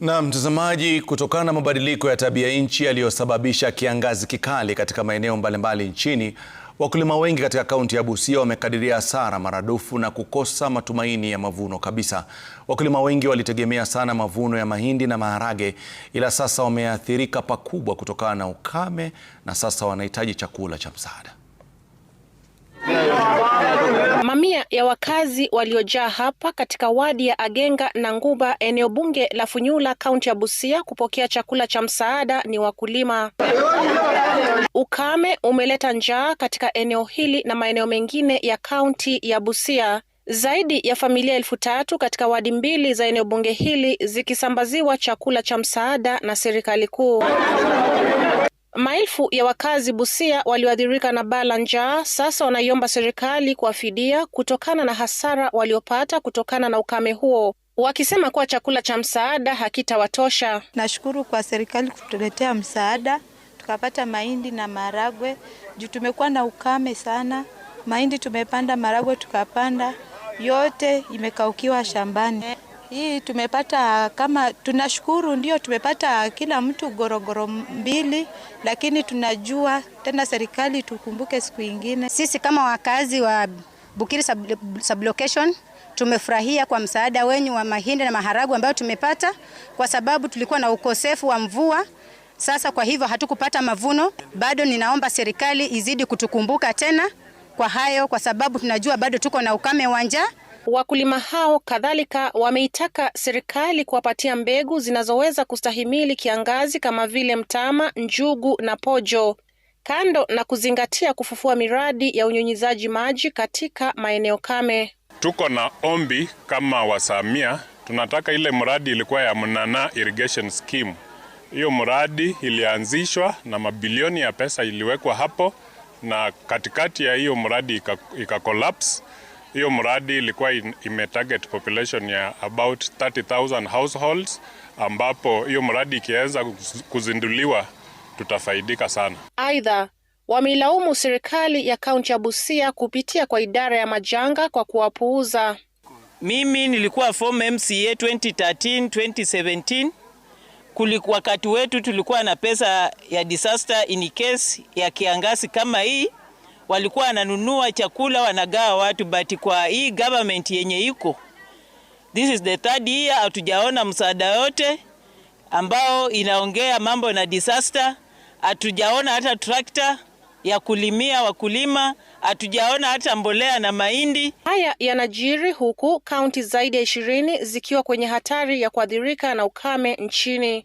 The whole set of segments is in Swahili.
Na mtazamaji, kutokana na mabadiliko ya tabia nchi yaliyosababisha kiangazi kikali katika maeneo mbalimbali nchini, wakulima wengi katika kaunti ya Busia wamekadiria hasara maradufu na kukosa matumaini ya mavuno kabisa. Wakulima wengi walitegemea sana mavuno ya mahindi na maharage, ila sasa wameathirika pakubwa kutokana na ukame na sasa wanahitaji chakula cha msaada. Mamia ya wakazi waliojaa hapa katika wadi ya Agenga na Nguba, eneo bunge la Funyula, kaunti ya Busia, kupokea chakula cha msaada ni wakulima. Ukame umeleta njaa katika eneo hili na maeneo mengine ya kaunti ya Busia. Zaidi ya familia elfu tatu katika wadi mbili za eneo bunge hili zikisambaziwa chakula cha msaada na serikali kuu. Maelfu ya wakazi Busia walioathirika na baa la njaa sasa wanaiomba serikali kuwafidia kutokana na hasara waliopata kutokana na ukame huo, wakisema kuwa chakula cha msaada hakitawatosha. Nashukuru kwa serikali kutuletea msaada, tukapata mahindi na maragwe juu tumekuwa na ukame sana. Mahindi tumepanda, maragwe tukapanda, yote imekaukiwa shambani hii tumepata kama tunashukuru, ndio tumepata kila mtu gorogoro mbili, lakini tunajua tena serikali tukumbuke siku ingine. Sisi kama wakazi wa Bukiri sublocation tumefurahia kwa msaada wenyu wa mahindi na maharagu ambayo tumepata, kwa sababu tulikuwa na ukosefu wa mvua. Sasa kwa hivyo hatukupata mavuno bado. Ninaomba serikali izidi kutukumbuka tena kwa hayo, kwa sababu tunajua bado tuko na ukame wa njaa. Wakulima hao kadhalika wameitaka serikali kuwapatia mbegu zinazoweza kustahimili kiangazi kama vile mtama, njugu na pojo, kando na kuzingatia kufufua miradi ya unyunyizaji maji katika maeneo kame. Tuko na ombi kama wasamia, tunataka ile mradi ilikuwa ya Mnana Irrigation Scheme. Hiyo mradi ilianzishwa na mabilioni ya pesa iliwekwa hapo, na katikati ya hiyo mradi ikakolapse ika hiyo mradi ilikuwa imetarget population ya about 30,000 households, ambapo hiyo mradi ikianza kuzinduliwa tutafaidika sana. Aidha, wameilaumu serikali ya kaunti ya Busia kupitia kwa idara ya majanga kwa kuwapuuza. Mimi nilikuwa form MCA 2013 2017 Kulikuwa wakati wetu tulikuwa na pesa ya disaster in case ya kiangazi kama hii walikuwa wananunua chakula wanagawa watu, but kwa hii government yenye iko this is the third year hatujaona msaada yote ambao inaongea mambo na disaster. Hatujaona hata trakta ya kulimia wakulima, hatujaona hata mbolea na mahindi. Haya yanajiri huku kaunti zaidi ya ishirini zikiwa kwenye hatari ya kuathirika na ukame nchini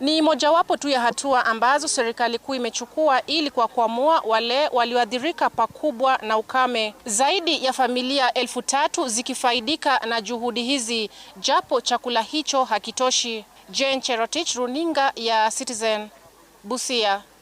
ni mojawapo tu ya hatua ambazo serikali kuu imechukua ili kuwakwamua wale walioathirika pakubwa na ukame. Zaidi ya familia elfu tatu zikifaidika na juhudi hizi, japo chakula hicho hakitoshi. Jane Cherotich, runinga ya Citizen, Busia.